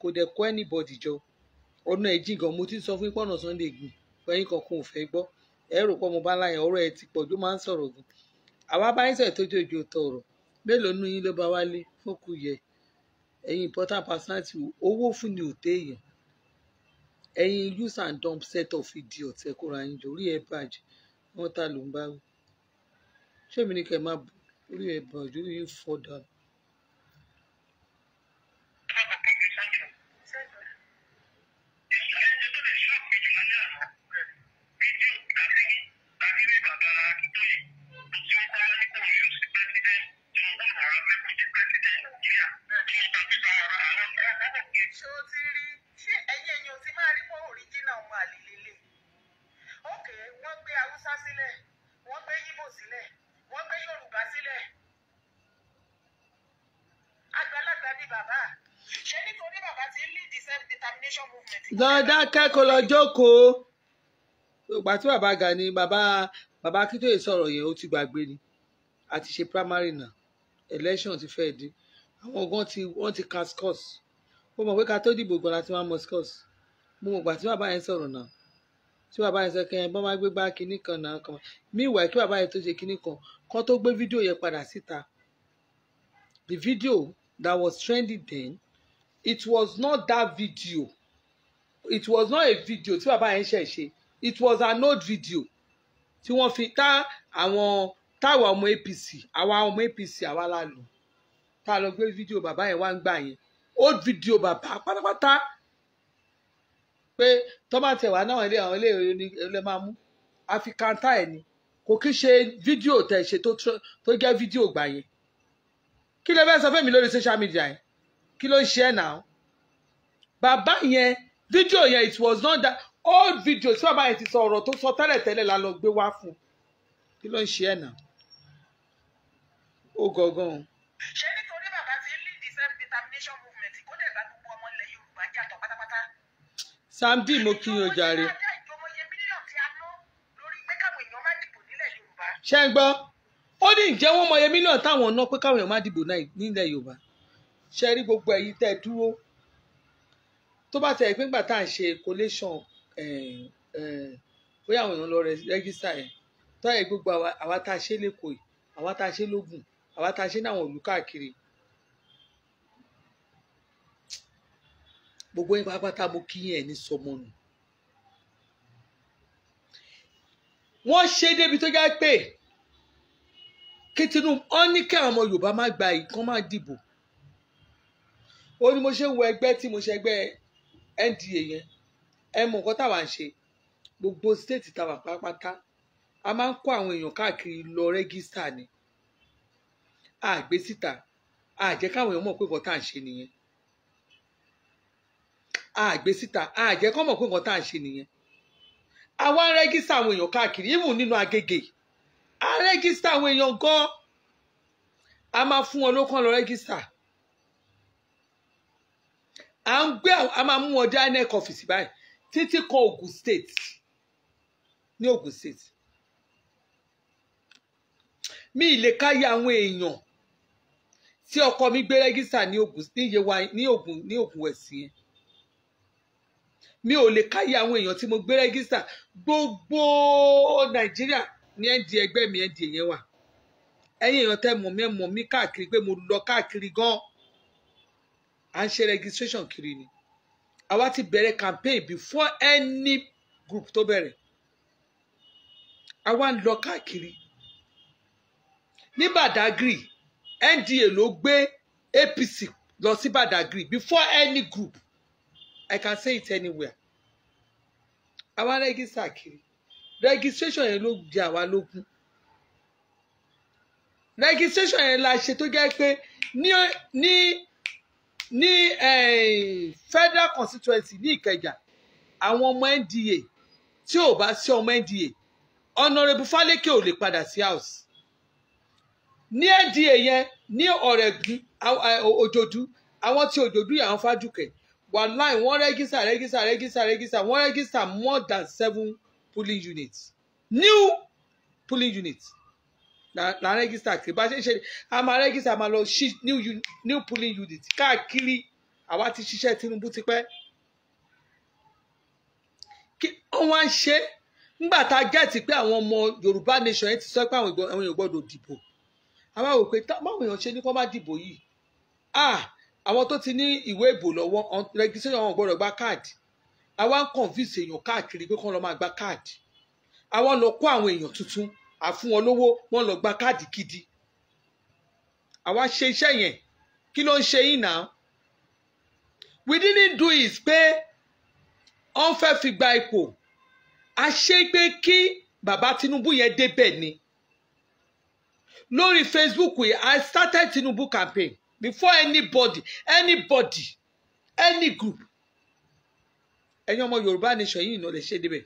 kò dẹ̀ kó anybody jọ ọ̀nà ẹ̀ jìn gan mo ti sọ fún ìpọ́nà Sunday Igboho ẹ̀yin kankan ò fẹ́ gbọ́ ẹ rò pọ́ mo bá láyà ọ̀rọ̀ ẹ ti pọ̀ jù máa ń sọ̀rọ̀ gan àwa bá ń sọ̀rọ̀ tó jòjò tọ̀rọ̀ mélòó nínú yín ló bá wálé òkú yẹ ẹ̀yin important personality owó fún ni ò téèyàn ẹ̀yin use and dump set of idiot ẹ kóra yín jọ orí ẹ bàjẹ́ wọ́n ta ló ń bá wí ṣé èmi ni kẹ́ ẹ máa orí ẹ bàjẹ́ orí yín fọ́ lọ́dá kẹ́kọ̀ọ́ lọ jókòó ìgbà tí bàbá Gani bàbá bàbá Akíntóyè sọ̀rọ̀ yẹn ó ti gbàgbé ni a ṣe primary náà election ti fẹ́ di àwọn ogun ti wọ́n ti cascos ó mọ̀ pé ká tó dìbò gan láti máa moscos mo mọ̀ gbà tí bàbá yẹn sọ̀rọ̀ náà tí bàbá yẹn sọ kẹ́yìn bọ́n máa gbé bá kinní kan náà kan mí ìwà kí bàbá yẹn tó ṣe kinní kan kan tó gbé fídíò yẹn padà síta the video that was trending then it was not that video it was not a video tí bàbá yẹn ṣe ṣe it was an old video tí wọ́n fi tá àwọn táwa ọmọ APC àwa ọmọ APC àwa la lò tá a lọ gbé fídíò bàbá yẹn wá ń gbà yẹn old video bàbá pátápátá pé tọ́mátì ẹ̀wà náà ilé àwọn iléèwé ni ilé máa mú African tie ni kò kí ṣe fídíò tẹ̀ ṣe tó jẹ́ fídíò gbà yẹn kí lè fẹ́ sọ fún mi lórí social media yẹn kí ló ń ṣe ẹ̀ náà bàbá yẹn fídíò yẹn it was not that old video tí bàbá yẹn ti sọ ọ̀rọ̀ tó sọ tẹ́lẹ̀tẹ́lẹ̀ la lọ gbé wá fún kí ló ń ṣe ẹ̀ náà ó gangan. ṣé nítorí bàbá ti lead the self determination movement kó dẹ̀ bá gbogbo ọmọ ilẹ̀ Yorùbá jẹ́ àtọ̀ pátápátá. Samdi mo kí yín o jàre. ṣé ń gbọ́ ó ní ìjẹ́ wọ́n mọ iye mílíọ̀nù táwọn ná pé káwọn èèyàn má dìbò nílẹ̀ Yorùbá ṣe rí gbogbo èyí tẹ́ dúró tó bá tẹ̀ pé ńgbà tá à ń ṣe collation eh, eh, bóyá àwọn èèyàn lọ rẹ́gísítà ẹ̀ tó yẹ gbogbo àwa tá a ṣe lẹ́kọ̀ọ́ yìí àwa tá a ṣe lógùn àwa tá a ṣe náwọn ìlú káàkiri gbogbo yín pátápátá mo kí yín ẹ̀ ní sọmọnù. wọ́n ṣe débi tó já pé kí Tinubu ọ́n ní kí àwọn ọmọ Yorùbá má gba ìkan má dìbò ó ní mo ṣe ń wo ẹgbẹ́ tí mo ṣe ẹgbẹ́ NDA yẹn ẹ mọ nǹkan táwa ń ṣe gbogbo state táwa pátápátá a máa ń kó àwọn èèyàn káàkiri lọ rẹ́gísítà ni àgbé síta àjẹ́ káwọn èèyàn mọ̀ pé nǹkan tá à ń ṣe nìyẹn àgbé síta àjẹ́ kọ́ mọ̀ pé nǹkan tá à ń ṣe nìyẹn àwa ń àwọn èèyàn káàkiri even nínú Agége a rẹ́gísítà àwọn èèyàn gan-an a máa fún wọn lókàn lọ rẹ́gísítà à ń gbé a máa mú wọn já INEC ọ́fíìsì báyìí títí kan Ogun State ní Ogun State mi ì lè káyé àwọn èèyàn tí ọkọ mi gbé rẹ́gísà ní Ogun ní Yewa ní Ogun ní Ogun wẹ̀sì yẹn mi ò lè káyé àwọn èèyàn tí mo gbé rẹ́gísà gbogbo Nàìjíríà ní ẹ̀ǹdì ẹgbẹ́ mi ẹ̀ǹdì yẹn wà ẹ̀yin èèyàn tẹ́ mọ̀ mí ẹ̀ mọ̀ mí káàkiri pé mo lọ káàkiri gan-an à ń ṣe registration kiri ni àwa ti bẹ̀rẹ̀ campaign before any group tó bẹ̀rẹ̀ àwa ń lọ káàkiri ní Badagry NDA ló gbé APC lọ sí Badagry before any group I can say it anywhere àwa rẹ́gísà kiri registration yẹn ló di àwa lógún registration yẹn la ṣe tó jẹ́ pé ní ní ní eh, federal constituency ní ìkẹjà àwọn ọmọ NDA tí ò bá sí ọmọ NDA honourable Faleke ò lè padà sí house ní NDA yẹn ní ọ̀rẹ́gun eh, òjòdú àwọn tí òjòdú yà wọ́n fájùkẹ̀ wà láì wọ́n rẹ́gísà rẹ́gísà rẹ́gísà rẹ́gísà wọ́n rẹ́gísà more than seven polling units new polling units na ń rẹ́gísítà kiri bá ṣe ń ṣe a máa rẹ́gísítà máa lọ ṣí new polling unit káàkiri àwa ti ṣiṣẹ́ Tinubu tipẹ́ kí wọ́n á ṣe nígbà tá a gẹ́ẹ̀tì pé àwọn ọmọ Yorùbá nation yẹn ti sọ pé àwọn èèyàn gbọ́dọ̀ dìbò àwọn àwọn òpè báwọn èèyàn ṣe ní kó má dìbò yìí àwọn tó ti ní ìwé ìbò lọ́wọ́ rẹ́gísítà wọn gbọ́dọ̀ gba káàdì àwa ń convince èèyàn káàkiri pé kó lọ máa gba káàdì àwa lọ kó àwọn èèyàn tuntun àfún wọn lówó wọn lọ gba káàdì gidi àwa ṣe iṣẹ́ yẹn kí ló ń ṣe yín náà we didn't do is pé wọ́n fẹ́ fi gba ipò a ṣe pé kí bàbá Tinubu yẹn débẹ̀ ni lórí Facebook yìí I started Tinubu campaign before anybody anybody any group ẹ̀yin ọmọ Yorùbá nation yìí náà lè ṣe débẹ̀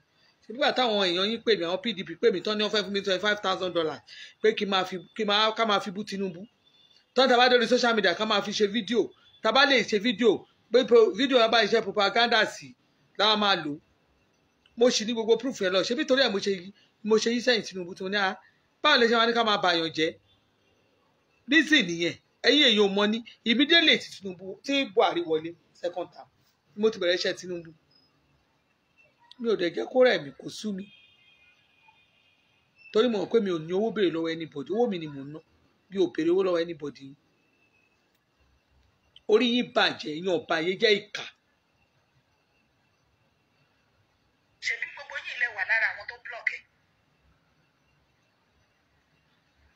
nígbà táwọn èèyàn yín pè mí àwọn PDP pè mí tán ní wọ́n fẹ́ fún mi twenty five thousand dollars pé kí máa fi kí máa fi bú Tinubu tán tàbá lórí social media ká máa fi ṣe fídíò tàbá lè ṣe fídíò pé fídíò yẹn bá iṣẹ́ propaganda sí láwa máa lò mo sì ní gbogbo proof yẹn lọ ṣé nítorí ẹ̀ mo ṣe mo ṣe yí sẹ́yìn Tinubu tó ní a ah, báwo lè ṣe máa ní ká máa bàyàn jẹ́ reason nìyẹn ẹ̀yin èèyàn ò mọ ní immediately Tinubu tí Buhari wọlé second term mo ti bẹ̀rẹ̀ iṣẹ́ Tinubu mi ò dẹ̀ jẹ́ kó rẹ̀ mí kò sú mi torí mo mọ̀ pé mi ò ní owó béèrè lọ́wọ́ anybody owó mi ni mò ń ná mi ò béèrè owó lọ́wọ́ anybody orí yín bàjẹ́ yín ọba ayé jẹ́ ìkà. ṣebí gbogbo yín ilẹ̀ wà lára àwọn tó block ẹ̀.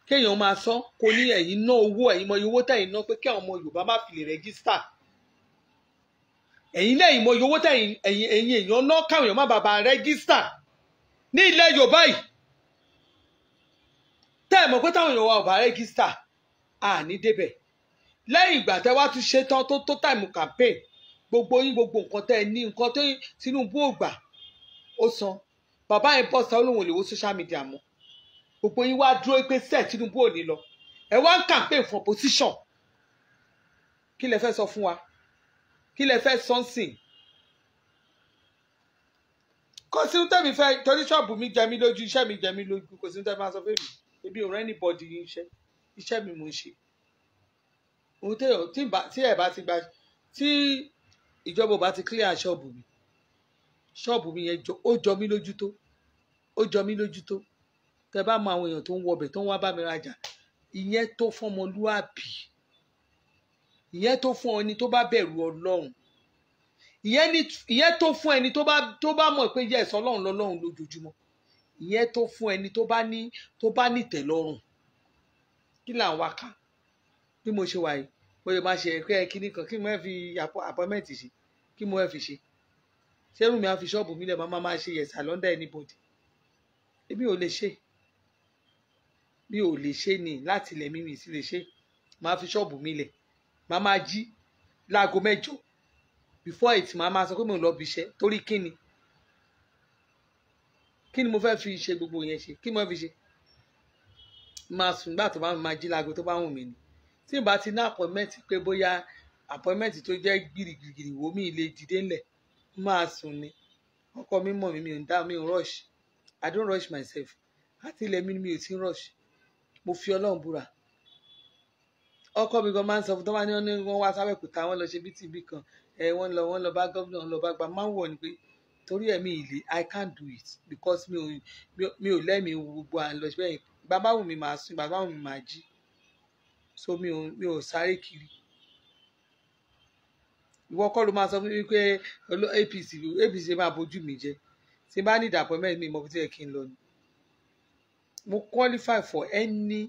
kéèyàn máa sọ kó ní ẹ̀yin ná owó ẹ̀yin mọ iye owó tẹ̀yin ná pé kí àwọn ọmọ Yorùbá má fi lè rẹ́gísítà ẹ̀yin lẹ́yìn mọ owó tẹ̀yìn ẹ̀yìn ẹ̀yìn èèyàn ná káwọn èèyàn má bàbá rẹ́gísítà ní ilẹ̀ Yorùbá yìí tẹ́ ẹ̀ mọ̀ pé táwọn èèyàn wa ò bá rẹ́gísítà àní débẹ̀ lẹ́yìn ìgbà tẹ́ wá tún ṣe tán tó tó táìmù campaign gbogbo yín gbogbo nǹkan tẹ́ ẹ ní nǹkan tó Tinubu ò gbà ó san bàbá yẹn bọ̀ sá olóhùn òlèwò social media mọ́ gbogbo yín wá dúró pé sẹ́ẹ̀ Tinubu ò ní lọ ẹ wá ń campaign for position kí lẹ fẹ́ sọ fún wa kí lẹ fẹ́ sọ́nsìn kò sí tẹ̀mí fẹ́ torí ṣọ́ọ̀bù mi jẹ mí lójú iṣẹ́ mi jẹ mí lójú kò sí tẹ̀mí máa sọ fún mi ebi ò rẹ́ ní bọ́dì yín iṣẹ́ iṣẹ́ mi mò ń ṣe ohun tí ẹ̀ bá ti gba tí ìjọba ò bá ti clear ṣọ́ọ̀bù mi ṣọ́ọ̀bù mi yẹn ó jọ mí lójú tó ó jọ mí lójú tó tẹ bá mọ àwọn èèyàn tó ń wọbẹ̀ tó ń wá bá mi rajà ìyẹn tó fọmọlúàbí ìyẹn tó fún ẹni tó bá bẹ̀rù ọlọ́run ìyẹn tó fún ẹni tó bá tó bá mọ̀ pé yẹ̀sọ́ ọlọ́run lọ́lọ́run lójoojúmọ́ ìyẹn tó fún ẹni tó bá ní tó bá ní tẹ̀lọ́rùn kí là ń wá ká bí mo ṣe wà yìí mo lè máa ṣe ẹ̀kọ́ ẹ kíní kan kí mo fi àpọ́mẹ́ǹtì ṣe kí mo fi ṣe ṣẹ́rù mi á fi ṣọ́ọ̀bù mi lẹ̀ máa máa ṣe yẹ̀sà lọ́ndà anybody èmi ò lè ṣe mi ò lè ṣe ni láti ilẹ̀ mímì sí lè ṣe máa fi ṣọ́ọ̀bù mi lẹ̀ màá máa jí láago mẹ́jọ before eight màá máa sọ pé mò ń lọ bí iṣẹ́ torí kí ni kí ni mo fẹ́ fi ṣe gbogbo yẹn ṣe kí ni mo fi ṣe máa sùn nígbà tó bá máa jí láago tó bá wù mí ni tí n bá ti ní appointment pé bóyá appointment tó jẹ́ gbìrìgbìrì wo mi lè dìde ńlẹ̀ máa sùn ni ọkọ mi mọ̀ mi mi ò dá mi ò rush i don't rush myself àti ilẹ̀ mi ni mi ò ti rush mo fi ọlọ́run búra ọkọ mi gan máa ń sọ fún tó bá ní wọn ní wọn wá sábẹ́kúta wọn lọ ṣe bí tìbí kan ẹ wọn lọ wọn lọ bá gómìnà lọ bá gba máa ń wọ̀ ni pé torí ẹ̀mí ìlé i can't do it because mi ò mi ò lẹ́mìí gbogbo à ń lọ síbẹ̀ bàbá wù mí máa sùn bàbá wù mí máa jí so mi ò mi ò sáré kiri ìwọ kọ́ ló máa sọ fún mi pé APC APC máa bójú mi jẹ tí bá ní appointment mi mo fi tiẹ̀ kí n lọ ni mo qualify for any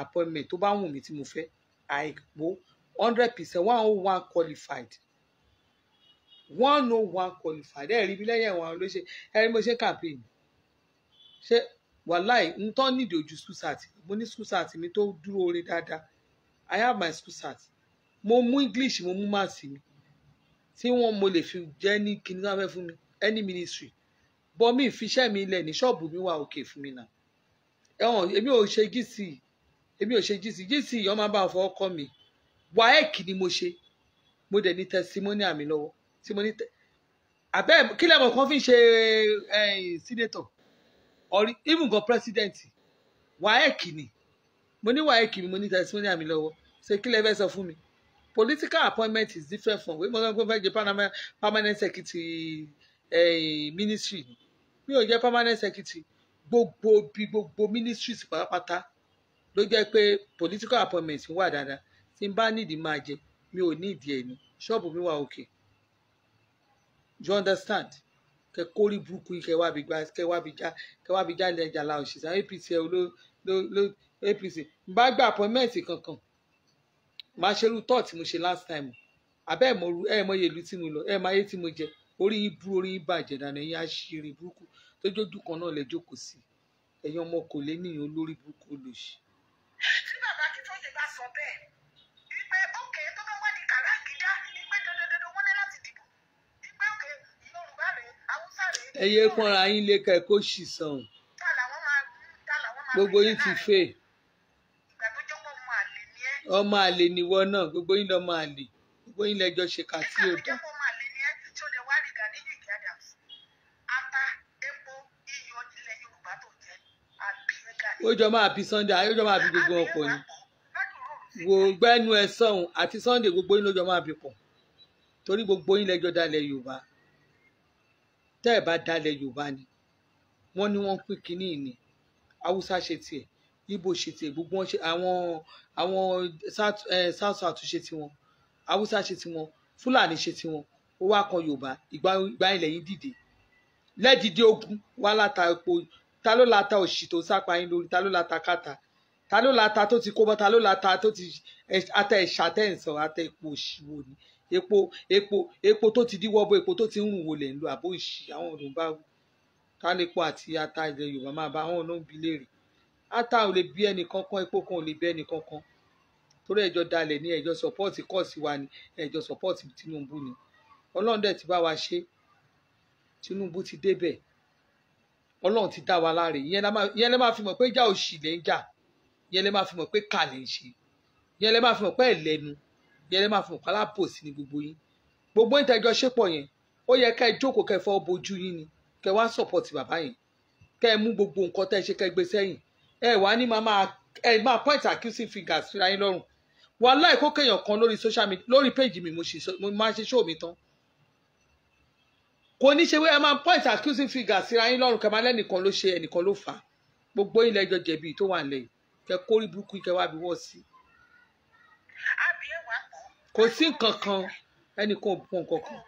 appointment tó bá wù mí tí mo fẹ́ àìpó hundred percent one oh one qualified one oh one qualified ẹ̀rí mi lẹ́yìn àwọn olóṣè ẹ̀rí mo ṣe campaign ṣe wàláì n tán nídìí ojú school sat mo ní school sat mi tó dúró oore dáadáa i have my school sat mo mú english mo mú maths mi tí wọn mo lè fi jẹ ní kíní wọn fẹ́ fún mi any ministry bọ mi ìfiṣẹ́ mi ilẹ̀ ní ṣọ́ọ̀bù mi wà òkè fún mi náà ẹ̀wọ̀n èmi ò ṣe gíìsì yìí èmi ò ṣe gc gc ìyọ́n máa bá ọ̀fọ̀ ọkọ mi waec ni mo ṣe mo dẹ̀ ní tẹsimóní àmì lọ́wọ́ tí mo ní tẹ abẹ́ kí lẹ́mọ̀ kan fi ń ṣe sínétọ̀ ọ̀rí even gan president waec ni mo ní waec ni mo ní tẹsimóní àmì lọ́wọ́ ṣe kí lẹ́ sọ fún mi political appointment is different from wey mo sọ pé fẹ́ jẹ́ permanent secretary ministry mi ò jẹ́ permanent secretary gbogbo bí gbogbo ministries pàápàá ló jẹ́ pé political appointment wà dáadáa tí n bá nídìí máa jẹ mi ò ní ìdí ẹ̀ ní ṣọ́ọ̀bù mi wà òkè you understand kẹ kórìí burúkú yìí kẹ wá bí gbá kẹ wá bí já kẹ wá bí já lẹ́jà la òṣìṣẹ́ APC ẹ̀ ló ló ló APC n bá gba appointment kankan máa ṣerú tọ́ tí mo ṣe last time abẹ́ ìmọ̀ru ẹ̀ mọ iye ìlú tí mo lọ ẹ̀ máa yé tí mo jẹ orí yín burú orí yín bàjẹ́ dànù ẹ̀yin àṣírí burúkú tójójú kan náà lẹ jókòó sí ẹ̀yin ọmọ kò lé níyàn olórí burúkú olòṣì tí bàbá Akíntóyè bá sọ bẹ́ẹ̀ wípé òkè tó bá wá di kàràgídá wípé dandandandan wọ́n ní láti dìbò wípé òkè Yorùbá rèé Haúsá rèé. ẹ pọnra yín lè kẹ kó ṣì sàn gbogbo yín ti fè ọmọ àlè nìwọ náà gbogbo yín lọmọ àlè gbogbo yín lẹjọ ṣe kàtí òdà. ó jọ máa bí Sunday ayé ó jọ máa bí gbogbo ọkọ ni wò gbẹ́nu ẹ sọ̀hún àti Sunday gbogbo yín ló jọ máa bí pọ̀ torí gbogbo yín lẹ́jọ́ dalẹ̀ Yorùbá tẹ́ ẹ̀ bá dalẹ̀ Yorùbá ni wọ́n ní wọ́n pín kínní ni Haúsá ṣe tiẹ̀ Ìgbò ṣe tiẹ̀ gbogbo wọn ṣe àwọn àwọn south south ṣe tiwọn Haúsá ṣe tiwọn Fúlàní ṣe tiwọn ó wá kan Yorùbá ìgbà ilẹ̀ yín dìde lẹ́dìdí ogun wá látà epo ta ló la ta òṣì tó sápa yín lórí ta ló la ta kàtà ta ló la ta tó ti kó bọ́ ta ló la ta tó ti ata ẹ̀ṣà tẹ̀ ata epo òṣì wo ni epo epo epo tó ti díwọ́ bọ́ epo tó ti ń rùn wo lẹ̀ ń lo àbó òṣì àwọn ọ̀dùn bá wù ká lè po àti ata ilẹ̀ Yorùbá máa bá àwọn ọ̀nà bí léèrè ata ò lè bí ẹnì kankan epo kan ò lè bí ẹnì kankan torí ẹjọ́ dalẹ̀ ní ẹjọ́ sọ́pọ́ọ̀tì kọ́ọ̀sì wa ni ẹjọ́ sọ́pọ́ọ̀tì Tinubu ni Ọlọ́run ti bá wa ṣe Tinubu ti débẹ̀ ọlọ́run ti dá wa láre yẹn lè máa fi mọ̀ pé ìjà òṣì lè ń jà yẹn lè máa fi mọ̀ pé kà lè ń ṣe yẹn lè máa fi mọ̀ pé ẹ̀lẹ́nu yẹn lè máa fi mọ̀ pé alábòsí ni gbogbo yín gbogbo ìtẹ́jọ́ ṣépọ̀ yẹn ó yẹ ká ẹ jókòó kẹ́ fọ́ bojú yín ni kẹ́ wá sọ̀pọ̀tì bàbá yẹn kẹ́ ẹ mú gbogbo nǹkan tẹ́ ẹ ṣe kẹ́ gbé sẹ́yìn ẹ wà ní máa ẹ máa point accusing fingers síra yín lọ́rùn wàhálà ìkókèèyàn kan lórí social media lórí page mi mo máa ṣe show mi tán kò ní ṣe wé ẹ máa point accusing figure síra yín lọ́rùn kẹ́ máa lẹ́nìkan ló ṣe ẹnìkan ló fà á gbogbo ilẹ̀ ẹjọ́ jẹ̀bi tó wà lẹ́yìn kẹ́ kórí burúkú kẹ́ wá bí wọ́n sí. kò sí nǹkan kan ẹnìkan ò bùn kankan.